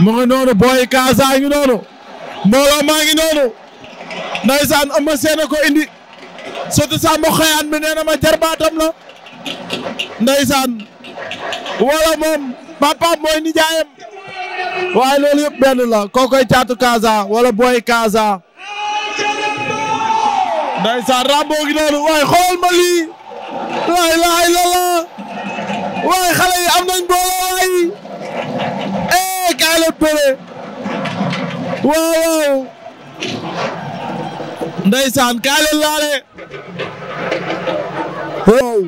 mu ngi noonu booy Kaasa ngi noonu mbooloo maa ngi noonu ndaysaan am na seen ko indi sotti Samba Xayaan bi nee na ma jarbaatam la ndaysaan wala moom papaam mooy nijaayam waaye loolu yëpp benn la kookoy caatu Kaasa wala booy Kaasa ndaysaan Rambo ngi noonu waaye xoolal ma lii la ilaha waaye xale yi am nañ mbooloo bëre waaw waaw ndeysaan kaay leen laale waaw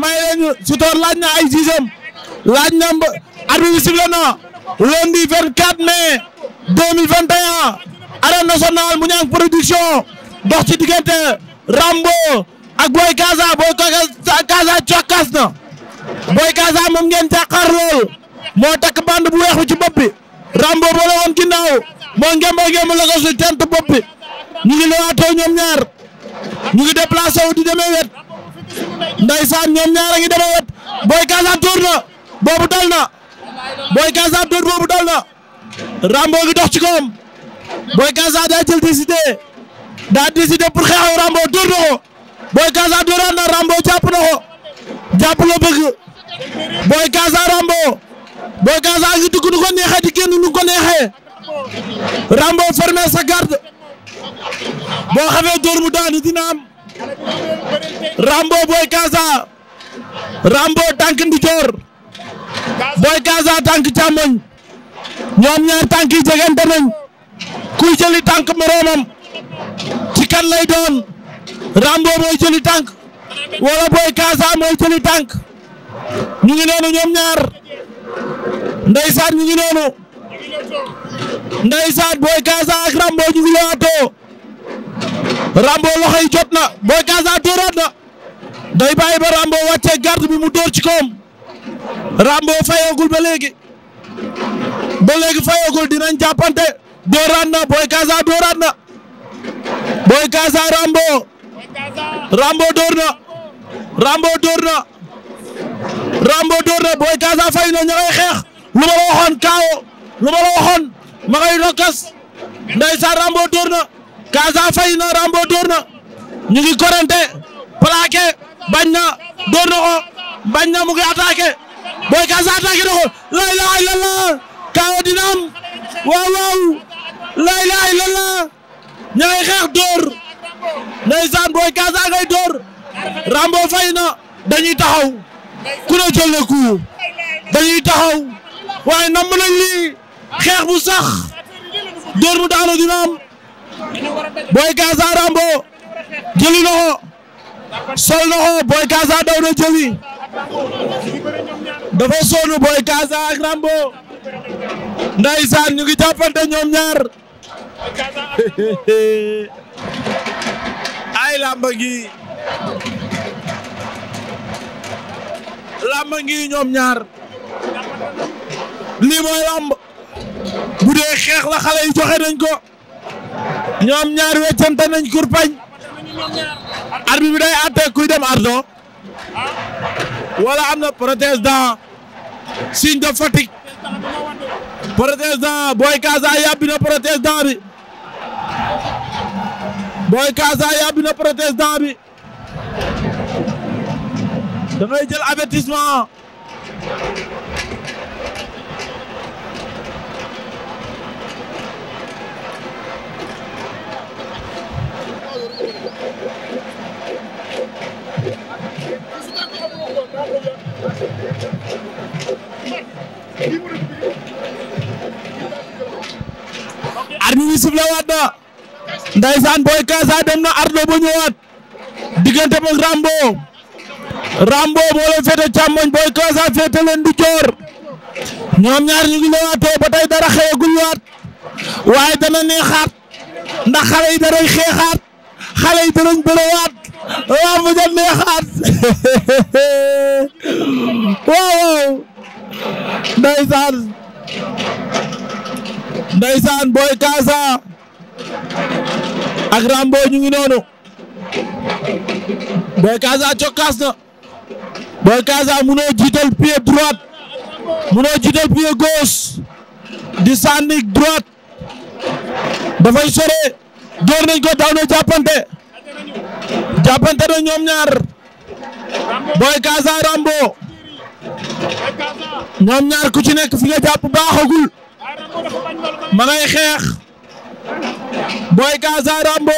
may lañu Sitor laaj na ay sixième laaj na mba arbitre bi sifflé na lundi 24 mai 2021 arène nationale Mouniang production dox ci diggante Rambo ak Boy Kaza Boy Kaza cokkas na Boy Kaza moom ngeen jàkkaar lool moo takk bande bu weex bi ci bopp bi Rambo ba la woon ginnaaw moo ngeen moo ko su tent bopp bi ñu ngi lewaatoo ñoom ñaar ñu ngi déplacé wu di demee wet ndeysaan ñoom ñaar a ngi demee wet Boy Kaza na boobu dal na Boy Kaza dóor boobu na Rambo ngi dox ci kawam Boy daa jël décidé daa décidé pour xeexaw Rambo dóor na ko Boy na Rambo jàpp na ko. jàpp la bëgg Boy Casa Rambo Boy Casa ngi dugg nu ko neexee di génn nu ko neexee Rambo fermé sa garde boo xamee dóor mu daanu dina am Rambo Boy Casa Rambo tànk ndijoor Boy Casa tànk càmmoñ ñoom ñaar tànk yi jegante nañ kuy jëli tànk moroomam ci kan lay doon Rambo mooy jëli tànk wala Boy Kaasa mooy jëli tànk ñu ngi noonu ñoom ñaar ndeysaan ñu ngi noonu ndeysaan Boy Kaasa ak Rambo ñu ngi lewaatoo Rambo loxo yi jot na Boy Kaasa dóoraat na day ba Rambo wàccee garde bi mu dóor ci koom Rambo fayagul ba léegi ba léegi fayagul dinañ jàppante dóoraat na Boy Kaasa dóoraat na Boy Kaasa Rambo Rambo dóor na Rambo dóor na Rambo dóor na Boy Casa fay na ña xeex lu ma kaawo lu ma la waxoon ma ngay Rambo dóor na Casa fay na Rambo dóor na ñu ngi korante plaqué bañ na dóor na ko bañ na mu ngi attaqué Boy Casa attaqué na ko la ilaha illallah kaawo dina waaw waaw la ilaha illallah ña ngay xeex dóor ndeysaan Boy Casa ngay dóor Rambo fay na dañuy taxaw ku ne jël na ku dañuy taxaw waaye namb nañ lii xeex bu sax dóor mu daanu dina am Boy Gaza Rambo jëli na sol na ko Boy daw na jëli dafa sonn Boy Gaza ak Rambo ndeysaan ñu ngi jàppante ñoom ñaar ay lamba gi làmb ngi ñoom ñaar lii mooy làmb bu dee xeex la xale yi joxe nañ ko ñoom ñaar weccante nañ kurpañ arbi bi day àtte kuy dem ardo wala am na protestant signe de fatigue protestant booy Kaasa yàbbi na protestant bi booy Kaasa yàbbi na protestant bi da ngay jël avertissement. armi bi sifle waat na ndaysaan booy Kaasa dem na ardo bu ñëwaat diggante moom Rambo Rambo moo leen féete càmmoñ Boy Casa féete leen joor ñoom ñaar ñu ngi lewaatoo ba tey dara xeegul waat waaye dana neexaat ndax xale yi danañ xeexaat xale yi danañ bërewaat waaw mu jëm neexaat waaw ndeysaan ndeysaan Boy Casa ak Rambo ñu ngi noonu Boy Casa cokkaas na Boy Casa munoo jiital pied droite munoo jiital pied gauche di sànni droite dafay sore door nañ ko daaw na jàppante jàppante na ñoom ñaar Boy Casa Rambo ñoom ñaar ku ci nekk fi nga jàpp baaxagul ma xeex Boy Casa Rambo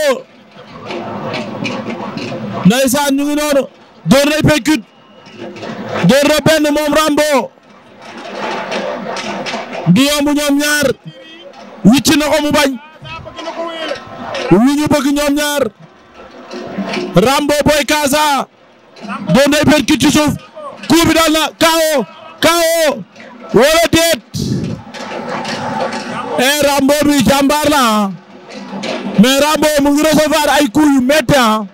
ndeysaan ñu ngi noonu door nañ pekkut jël na benn moom Rambo di yomb ñoom ñaar wicci ko mu bañ wi ñu bëgg ñoom ñaar Rambo Boy Casa doon day percuté ci suuf coup bi na KO KO wala déet eh Rambo bi jàmbaar la mais Rambo mu ngi recevoir ay coups yu métti ah.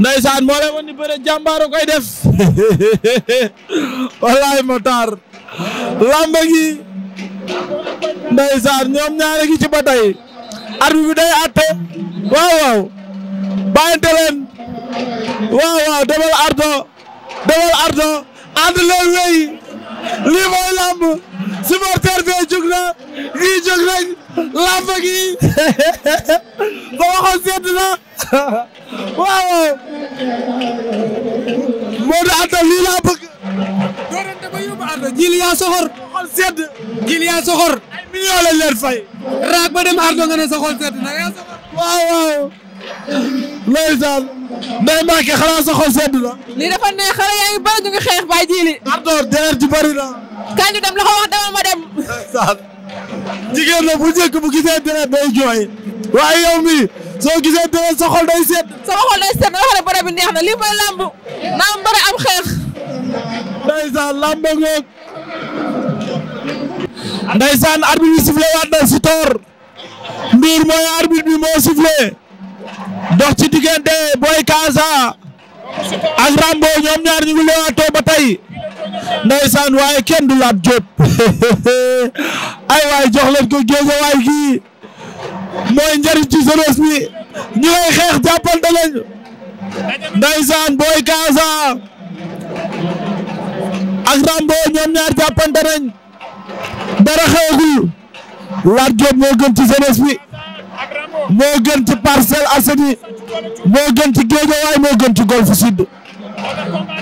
Ndeysaan moo lay wan ni bëre jàmbaaru koy def wallaay Matar lamba gi Ndeysaan ñoom ñaare gi ci ba tey arbitre day atte waaw waaw bàyyante leen waaw waaw demal ardo demal leen wéy lii lamb supporter bi jóg na ñii jóg nañ lamb gi ba waxoon sedd na waaw Modou Anta lii laa bëgg. doorante ba yaa soxor. xol sedd. jili yaa soxor. ay millions lañ leen fay. raak ba dem Anta nga ne sa xol sedd yaa soxor. waaw waaw. ndeysaan. Ndeye Mbacke xanaa sa xol sedd na. lii dafa neex xale yaa ngi bëri ñu ngi xeex bay jili. Anta deret ji bëri na. kañ dem la ko wax demal ma dem. ndeysaan. jigéen la bu njëkk bu gisee deret day jooy. waaye yow mi soo gisee deret sa xol day sedd. sama xol day seet nga xam ne bi neex na lii mooy làmb na am bëre am xeex. ndeysaan làmb ngoog. ndeysaan arbitre bi sifflé waat na Sitor. Ndour mooy arbitre bi moo sifflé. dox ci diggante Boy Kaasa. ak Rambo ñoom ñaar ñu ngi leewaatoo ba tey. ndeysaan waaye kenn du laat Diop. ay waay jox leen ko géej waay mooy njëriñ ci jeunesse bi. ñu lay xeex jàppante lañu ndaysaan booy Kaasa ak Rambo ñoom ñaar jàppante nañ dara xewagul Lat Diop moo gën ci jeunesse bi moo gën ci Parcelles Assainies moo gën ci Guédiawaye moo gën ci Golf Sud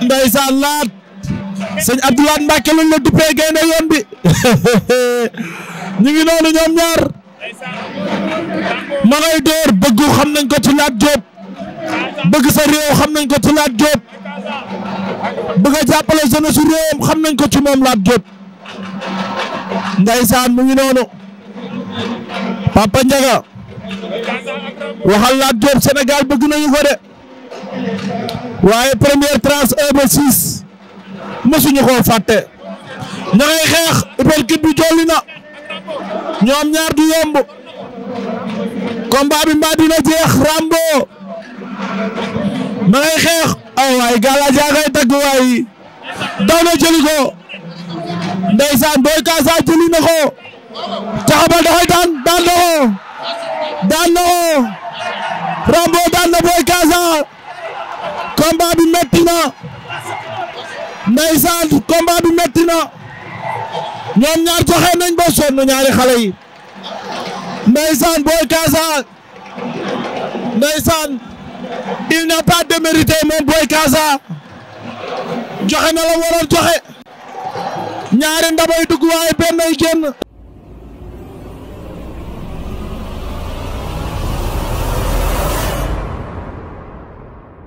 ndaysaan laat sëñ Abdoulaye Mbacke lañ la duppee gaynde yoon bi ñu ngi noonu ñoom ñaar ma ngay door bëggu xam nañ ko ci Lat Diop bëgg sa réew xam nañ ko ci Lat Diop bëgg a jàppale jeunesse su réewam xam nañ ko ci moom Lat Diop ndeysaan mu ngi noonu Papa Ndiaga waxal Lat Diop Sénégal bëgg nañu ko de waaye première tranche 1 ba 6 mësuñu koo fàtte ña ngay xeex uppercut bi jolli na ñoom ñaar du yomb combat bi mbaa dina jeex Rambo ma ngay xeex ay oh, waay gàllankoor ngay dagg waay daw booy kaasa jëli na ko caxabal da koy Rambo daan booy kaasa combat bi metti na ndeysaan combat bi metti na ñoom ñaar joxe nañ ba sonn ñaari xale yi ndeysaan Boy Casa ndeysaan il n'a pas démérité moom Boy Casa joxe na la joxe ñaari ndabay dugg waaye benn ay